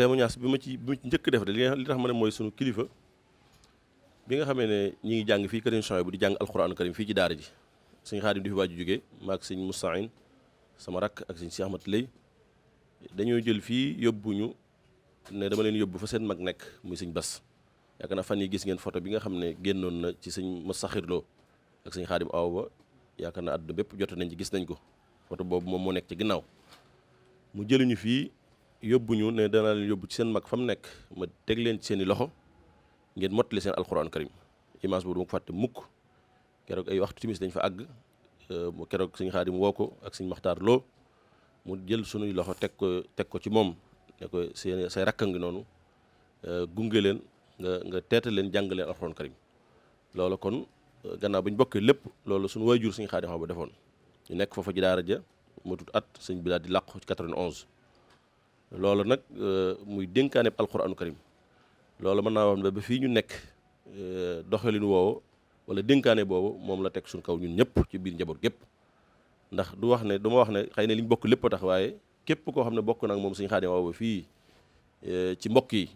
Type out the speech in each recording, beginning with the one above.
témoignage bi ma ci bi ma ci njëkk def de li li tax ma ne mooy sunu kilifa bi nga xamee ne ñi ngi jàng fii Kër Sëñ bu di jàng alxuraanu karim fii ci daara ji sëñ Xaadim di fi waaju jógee maag sëñ Moussaïn sama rakk ak suñ Cheikh Ahmad Lay dañoo jël fii yóbbuñu ne dama leen yóbbu fa seen mag nekk muy sëñ Bas yaakaar naa fan yi gis ngeen photo bi nga xam ne génnoon na ci sëñ Massaxir Lo ak sëñ Xaadim aw ba yaakaar naa àdduna bépp jot nañ ci gis nañ ko photo boobu moom moo nekk ci ginnaaw mu jëluñu fii yóbbu ñu ne danaa leen yóbbu ci seen mag fa mu nekk ma teg leen ci seen loxo ngeen mottali seen alquran karim image boobu duma ko fàtte mukk keroog ay waxtu timis dañ fa àgg euh, keroog sëñ Xaadim woo ko ak sëñ Maxtaar Lo mu jël sunuy loxo teg ko teg ko ci moom ko seen say rakka ngi noonu euh, gunge leen nga nga teetal leen jàng leen alquran karim loolu kon euh, gannaaw bañ bokkee lépp loolu suñu waajur sëñ Xaadim ba defoon ñu nekk foofu ji daara ja tut at sëñ bi daal di làqu ci 91 loolu nag euh, muy dénkaaneb alquranu karim loolu mën naa wax ne ba fii ñu nekk euh, doxalin woowu wala dénkaane boobu moom la teg suñ kaw ñun ñëpp ci biir njaboot gépp ndax du wax ne du ma wax ne xëy na li bokk lépp a tax waaye képp koo xam ne bokk nag moom suñ xaadim woowu fii euh, ci mbokk yi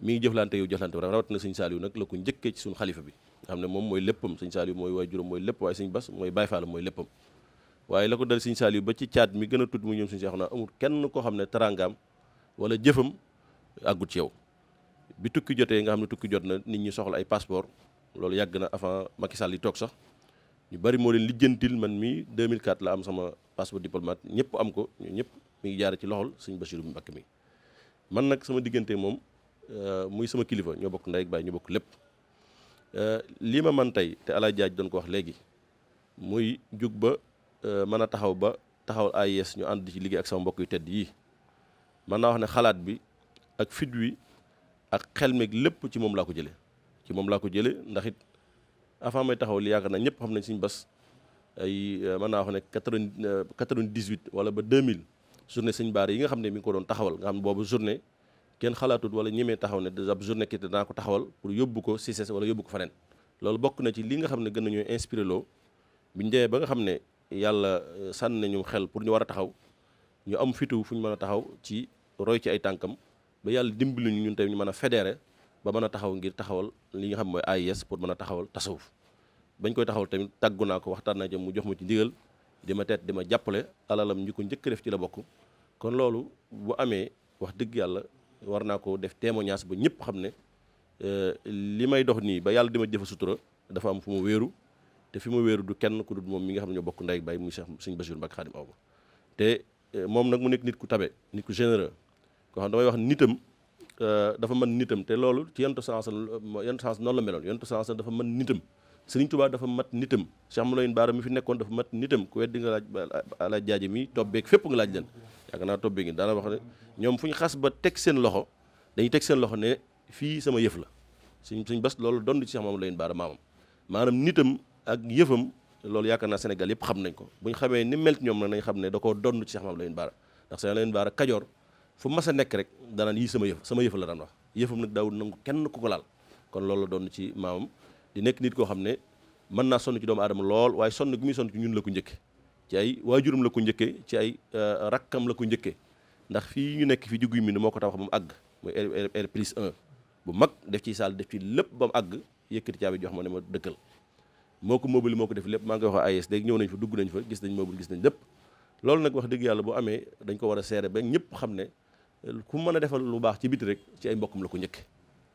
mi ngi jëflante yow jëflante bi rawatina sëñ Saaliw nag la ko njëkkee suñ xalifa bi nga xam ne moom mooy léppam sëñ Saaliw mooy waajuram mooy lépp waaye sëñ Bas mooy Baay Faal mooy waaye la ko dal sëñ Saliou ba ci tiad mi gën a tudd mu ñoom sëñ Seexuna amul kenn ko xam ne wala jëfam àggut ci yow bi tukki jotee nga xam ne tukki jot na nit ñi soxla ay passeport loolu yàgg na avant Macky Sall yi toog sax ñu bari moo leen lijjantil man mi 2004 la am sama passeport diplomate ñëpp am ko ñu ñëpp mi ngi jaar ci loxol sëñ Bachirou Mbacké mi man nag sama diggante moom euh, muy sama kilifa ñoo bokk ndey ak baay ñu bokk lépp euh, lii ma man tey te alaaj jaaj doon ko wax léegi muy jug ba Euh, mën a taxaw ba taxawal AIS ñu ànd ci liggéey ak sama mbokk yu tedd yii mën naa wax ne xalaat bi ak fit wi ak xel meeg lépp ci moom laa ko jëlee ci moom laa ko jëlee ndax it avant may taxaw li yaakaar na ñëpp xam nañ suñu bas ay euh, mën naa wax ne euh, quatre-vingt-dix-huit wala ba deux mille journée sëñ Bara yi nga xam ne mi ngi ko doon taxawal nga xam ne boobu journée kenn xalaatut wala ñemee taxaw ne déjà journée kii danaa ko taxawal pour yóbbu ko CCS wala yóbbu ko feneen loolu bokk na ci li nga xam ne gën nañoo inspiré loo biñ demee ba nga xam ne yàlla euh, sànni nañu xel pour ñu war a taxaw ñu am fitu fu ñu mën a taxaw ci roy ci ay tànkam ba yàlla dimbali ñu ñun tamit ñu mën a fedeere ba mën a taxaw ngir taxawal li nga xam mooy AIS pour mën a taxawal tasawuf bañ koy taxawal tamit tàggu naa ko waxtaan naa jëm mu jox ma ci ndigal di ma teet di ma jàppale alalam ñu ko njëkk def ci la bokk kon loolu bu amee wax dëgg yàlla war naa ko def témoignage ba ñëpp xam ne euh, li may dox nii ba yàlla di ma jëfa sutura dafa am fu mu wéeru te fi mu wéeru du kenn ku dul moom mi nga xam ne ñoo bokk ndey ak baay muy Cheikh Sëñ Bassirou Mbacké Khadim Awa te euh, moom nag mu nekk nit ku tabe nit ku généreux koo xam damay wax nitam euh, dafa mën nitam te loolu ci yentu sens yentu sens noonu la meloon yentu sens dafa mën nitam Sëriñ Tuubaa dafa mat nitam Cheikh Moulayine Baara mi fi nekkoon dafa mat nitam ku weddi nga laaj laaj jaaje mi tobbeeg fépp nga laaj leen yaakaar naa tobbee ngi daana wax ne ñoom fu ñu xas ba teg seen loxo dañuy teg seen loxo ne fii sama yëf la suñ suñ bas loolu dond ci Cheikh Moulayine Baara maamam maanaam nitam ak yëfam loolu yaakaar naa Sénégal yëpp xam nañ ko bu ñu xamee ni mel ñoom nag nañ xam ne da koo donn ci Cheikh Mame Lamine Bara ndax Cheikh Lamine Bara Kajoor fu mas a nekk rek danaan yi sama yëf sama yëfa la daan wax yëfam nag daawul nangu kenn ku ko laal kon loolu la doon ci maamam di nekk nit koo xam ne mën naa sonn ci doomu adama lool waaye sonn gi muy sonn ci ñun la ko njëkke ci ay waajuram la ko njëkkee ci ay euh, rakkam la ko njëkkee ndax fii ñu nekk fi juguy mi ni moo ko tabax ba mu àgg mooy R plus 1 bu mag ci saal def ci lépp ba mu àgg yëkkati caabi jox ma ne ma dëkkal moo ko mobile moo ko def lépp maa ngi koy wax AES léegi ñëw nañ fa dugg nañ fa gis nañ mobile gis nañ lépp loolu nag wax dëgg yàlla bu amee dañ ko war a seere ba ñëpp xam ne ku mën a defal lu baax ci biti rek ci ay mbokkum la ko njëkk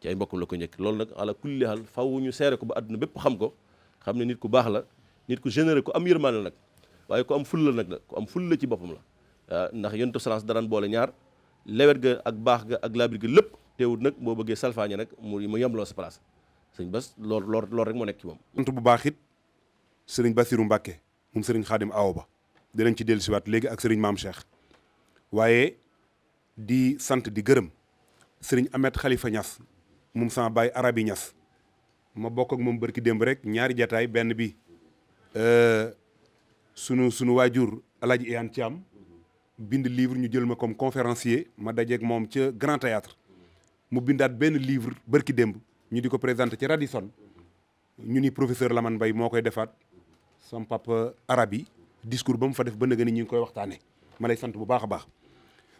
ci ay ko njëkk loolu nag ala kulli haal faw ñu seere ko ba bépp xam ko xam ne nit ku baax la nit ku généreux ku am yërmaane la nag waaye ku am fulla nag la ku am ci boppam la ndax yontu salance daraan boole ñaar lewet ga ak baax ga ak laabir ga lépp teewut nag boo bëggee salfaañe nag mu mu yemloo sa place Sering bas lor lor lor rek mo nek ci mom sant bu baax it sëriñ Mbacke moom ci wat ak serigne maam Cheikh waaye di sant di geureum serigne Ahmed Khalifa Niass mum sama baay arabi Niass ma bok ak mom barki demb rek ñaari jotaay ben bi euh, sunu sunu wajur aladji Iyaan tiam bind livre ñu jël ma comme conférencier ma ak mom ci Grand Théâtre mu bindat ben livre barki demb ñu di ko présenté ci Radisson ñu ni professeur Lamane Mbaye moo koy defaat sam papa arab yi discours ba mu fa def ba nëgë ni ñu ngi koy waxtaanee ma lay sant bu baax a baax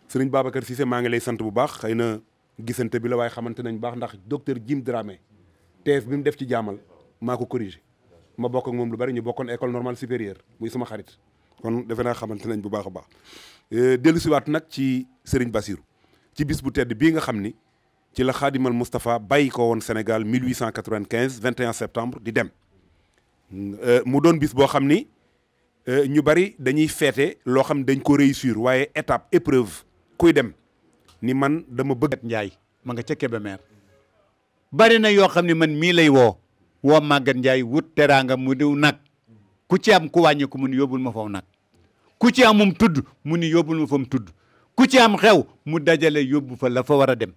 sëriñ Babacar Cissé maa ngi lay sant bu baax xëy na gisante bi la waaye xamante nañ baax ndax docteur Jim Dramé thèse bi mu def ci jaamal maa ko corrigé ma bokk moom lu bari ñu bokkoon école normale supérieure muy sama xarit kon defe naa xamante nañ bu baax a baax euh, dellu siwaat nag ci sëriñ Basirou ci bis bu tedd bii nga xam ni ci la Al Moustapha bàyyi ko won Sénégal 1895 21 septembre di dem euh, mu doon bis bo xamni euh ñu bari dañuy feete lo xam dañ ko réussir waye étape épreuve kuy dem ni man dama bëgg. Njaay ma nga ca Kébémer bari na yo xamni man mi lay Wo wo magan Ndiaye wut teranga mu diw nak ku ci am ku wàññi ku mu yobul ma faw nak ku ci amum tudd mu ni ma fam tudd ku ci am xew mu dajalé yóbbu fa la fa wara dem.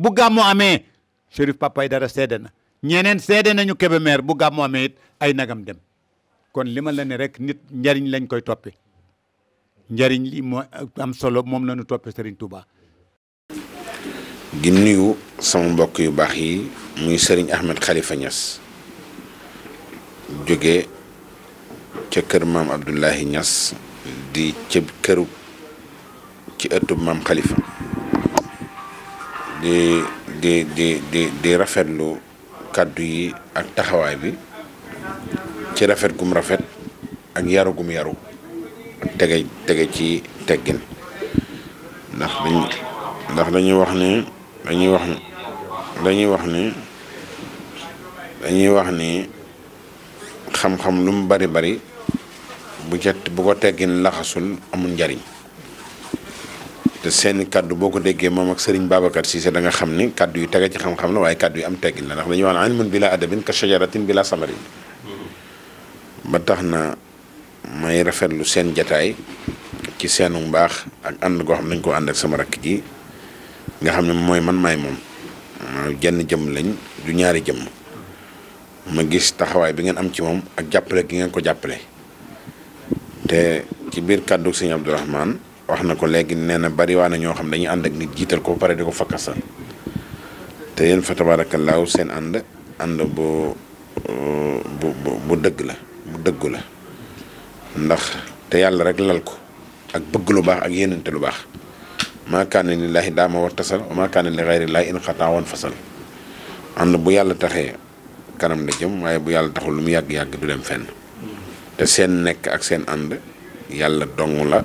bu gàmmu amee Chérif Papa dara seede na ñeneen seede nañu Kébémer bu gàmmu amee it ay nagam dem kon li ma la rek nit njariñ lañ koy toppe njariñ li am solo moom la ñu toppe Serigne Touba. di nuyu sama mbokk yu baax yi muy Serigne Ahmed Khalifa Niass jóge ca kër maam Abdoulahi Niass di ca këru ci ëttub maam Khalifa. di di di di di rafetlu kàddu yi ak taxawaay bi ci rafet gum rafet ak yaru gum yaru ak tege ci teggin ndax dañuy wax ni dañuy wax ni dañuy wax ni dañuy wax ni xam-xam lu mu bari bari bu ca bu ko teggin laxasul amul njariñ te seen kaddu boko ko mom ak Serigne Babacar Cissé da nga xamni kaddu yu tege ci xam-xam la waaye kaddu yu am tegin la ndax dañu wax ilmun bila adabin ka shajaratin bila samarin ba taxna na may rafetlu seen jotaay ci seenu mbax ak and go xam nañ ko and ak sama rak ji nga xamni moy man may mom jenn jëm lañ du ñaari jëm ma gis taxaway bi ngeen am ci mom ak jappale gi ngeen ko jappale te ci bir kaddu sëñ Abdourahmane wax na ko léegi nee na bari waa na ñoo xam dañuy ànd ak nit jiital ko pare di ko fakkasal te yéen fa tabaarakallaahu seen ànd ànd bu bu bu dëgg la bu dëggu la ndax te yàlla rek lal ko ak bëgg lu baax ak yéenante lu baax maa kaana lillaahi daama war tasal wa maa kaana li xayrillaahi in xataa woon fasal ànd bu yàlla taxee kanam la jëm waaye bu yàlla taxul lu mu yàgg-yàgg du dem fenn te seen nekk ak seen ànd yàlla dong la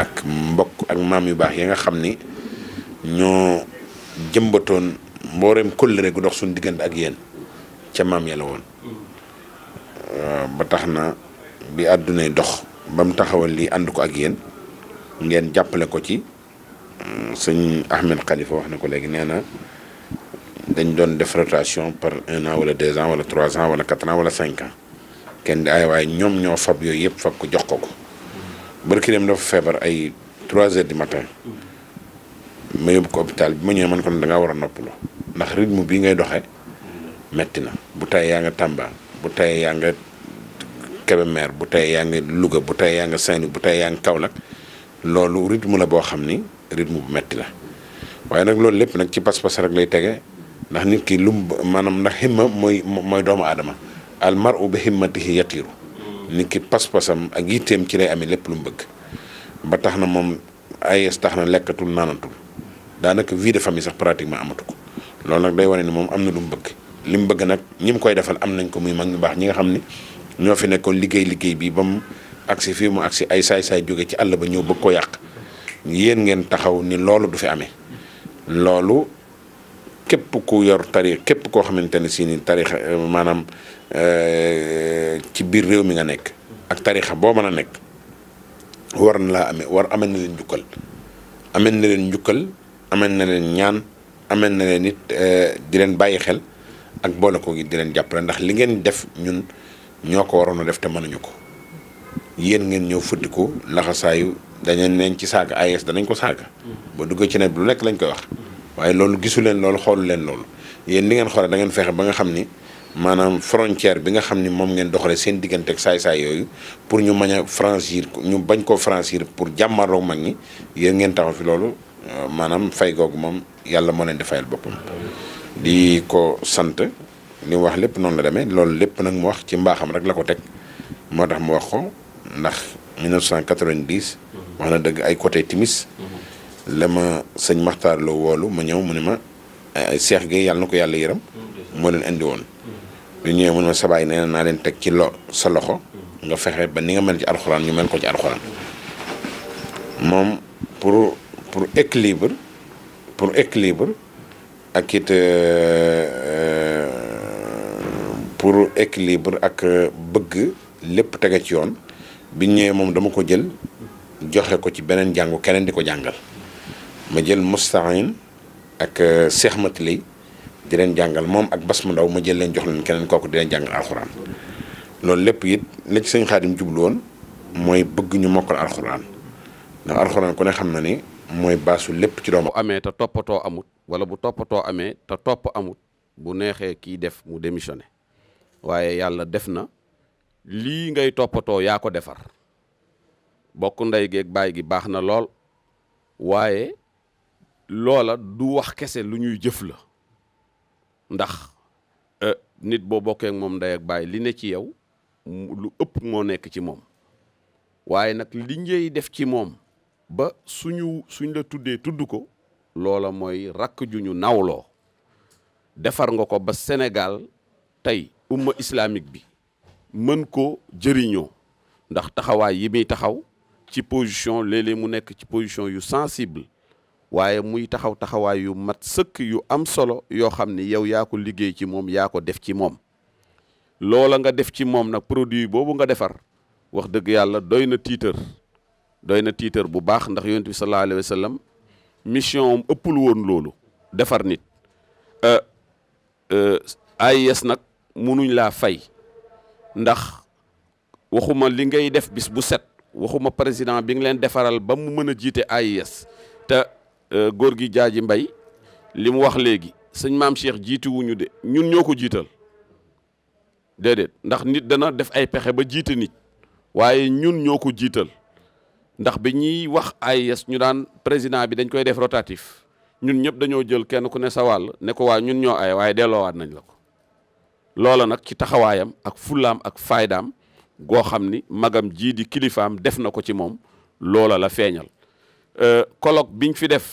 ak mbokk ak maam yu baax yi nga xam ni ñoo jëmbatoon mbooreem kóllëre gu dox suñu diggante ak yéen ca maam la woon ba tax na bi yi dox ba mu taxawal lii ànd ko ak yéen ngeen jàppale ko ci mm, sëñ Ahmed Khalifa wax ne ko léegi nee na dañ doon def rotation par un an wala deux ans wala trois ans wala quatre ans wala cinq ans kenn di ay waaye ñoom ñoo fab yooyu yëpp fab ko jox ko ko barki dem dafa feebar ay 3 heures du matin ma yóbbu ko hôpital bi ma ñëwee man kon da ngaa war a nopp noppalu ndax ritm bii ngay doxe metti na bu tey yaa nga Tamba bu tey yaa nga Kébémer bu tey yaa nga Louga bu tey yaa nga Saint-Louis bu tey yaa nga Kaolack loolu rythme la boo xam ni rythme bu metti la waaye nag loolu lépp nag ci pas-pas rek lay tege ndax nit ki lu maanaam ndax himma mooy mooy doomu aadama al mar'u bi himmatihi yatiru nit ki pas-pasam ak yitteem ci lay amee lépp lu mu bëgg ba tax na moom AES tax na lekkatul naanatul daanaka vie de famille sax pratiquement amatu ko loolu nag day wane ni moom am na lu mu bëgg li mu bëgg nag ñi mu koy defal am nañ ko muy mag ñu baax ñi nga xam ni ñoo fi nekkoon liggéey liggéey bi ba mu agsi fii mu agsi ay saay-saay jóge ci àll ba ñëw bëgg ko yàq yéen ngeen taxaw ni loolu du fi amee loolu. képp ku yor tarix képp koo xamante ne si ni tarix eh, maanaam eh, ci biir réew mi nga nekk ak tari boo mën a nekk war na laa amee war amee na leen njukkal amee na leen njukkal amee na leen ñaan amee na leen it eh, di leen bàyyi xel ak boole ko gi di leen jàppale ndax li ngeen def ñun ñoo ko waroon a def te mënuñu ko yéen ngeen ñëw fëddi ko laxasaayu dañu neen ci saaga AES danañ ko saaga. ba duggee ci nawet lu nekk lañ koy wax waaye loolu gisu leen loolu xoolu leen loolu yéen li ngeen xoolee da ngeen fexe ba nga xam ni maanaam frontière bi nga xam ni moom ngeen doxalee seen diggante ak saay-saay yooyu pour ñu mañ a franchir ñu bañ ko franchir pour jàmmarloo mag ñi yéen ngeen taxaw fi loolu euh, maanaam fay googu moom yàlla moo leen di fayal boppam di ko sant li wax lépp noonu la demee loolu lépp nag mu wax ci mbaaxam rek la ko teg moo tax mu wax ko ndax 1990 wax na dëgg ay côté timis la sëñ Maxtaar la woolu ma ñëw mu ne ma eh, Cheikh gi yàlla na ko yàlla yëram moo leen indi woon lu ñëwee mu ne ma sabaay nee naa leen teg ci lo sa loxo nga fexe ba ni nga mel ci alxuraan ñu mel ko ci alxuraan moom pour pour équilibre pour équilibre ak it euh, pour équilibre ak bëgg lépp tege ci yoon bi ñëwee moom dama ko jël joxe ko ci beneen jàngu keneen di ko jàngal ma jël Moustahine ak euh, Cheikh Matili di leen jàngal moom ak Bas mu ndaw ma jël leen jox leen keneen kooku di leen jàngal alxuraan loolu lépp it la ci sëñ Xaadim jublu mooy bëgg ñu mokkal alxuraan ndax alxuraan ku ne xam na ni mooy baasu lépp ci doom bu amee te toppatoo amut wala bu toppatoo amee te topp amut bu neexee kii def mu démissionné waaye yàlla def na lii ngay toppatoo yaa ko defar bokk ndey geeg baay gi baax na lool waaye loola du wax kese lu ñuy jëf la ndax euh, nit boo bokkee moom ndey ak baay li ne ci yow lu ëpp moo nekk ci moom waaye nag li ngay def ci moom ba suñu suñ la tuddee tudd ko loola mooy rakk ju ñu nawloo defar nga ko ba Sénégal tey umma islamique bi mën ko jëriñoo ndax taxawaay yi muy taxaw ci position léeg-léeg mu nekk ci position yu sensible waaye muy taxaw taxawaay yu mat sëkk yu am solo yoo xam ni yow yaa ko liggéey ci moom yaa ko def ci moom loola nga def ci moom nag produit boobu nga defar wax dëgg yàlla doy na tiitër doy na tiitër bu baax ndax yonent bi sallallahu alayhi wa sallam mission am ëppul woon loolu defar nit euh, euh, AIS nag munuñ laa fay ndax waxuma li ngay def bis bu set waxuma président bi nga leen defaral ba mu mën a jiite AIS te Euh, góor gi jaaji mbay li mu wax léegi sëñ maam Cheikh jiitiwuñu de ñun ñoo ko jiital déedéet ndax nit dana def ay pexe ba jiite nit waaye ñun ñoo ko jiital ndax bi ñuy wax AIS ñu daan président bi dañ koy def rotatif ñun ñëpp dañoo jël kenn ku ne sa ne ko waa ñun ñoo ay waaye delloowaat nañ la ko loola nag ci taxawaayam ak fullaam ak faydaam goo xam ni magam jii di kilifaam def na ko ci moom loola la feeñal Euh, colloque biñ fi def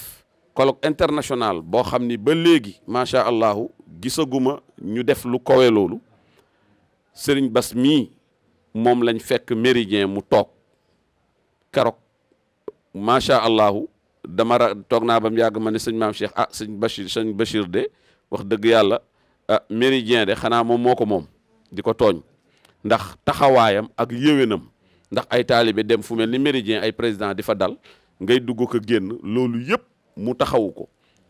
colloque international boo xam ni ba léegi macha allahu gisaguma ñu def lu kowe loolu sëriñ Bas mii moom lañ fekk méridien mu toog keroog macha allahu dama ra toog naa ba mu yàgg ma ne sëñ maam Cheikh ah sëñ Bachir sëñ bashir de wax dëgg yàlla ah méridien de xanaa moom moo ko moom di ko tooñ ndax taxawaayam ak yéwénam ndax ay taalibe dem fu mel ni méridien ay président di fa dal ngay dugg ko génn loolu yëpp mu taxawu ko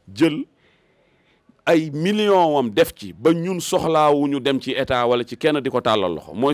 jël ay million am def ci ba ñun soxlawuñu dem ci état wala ci kenn di ko tàllal loxo mooy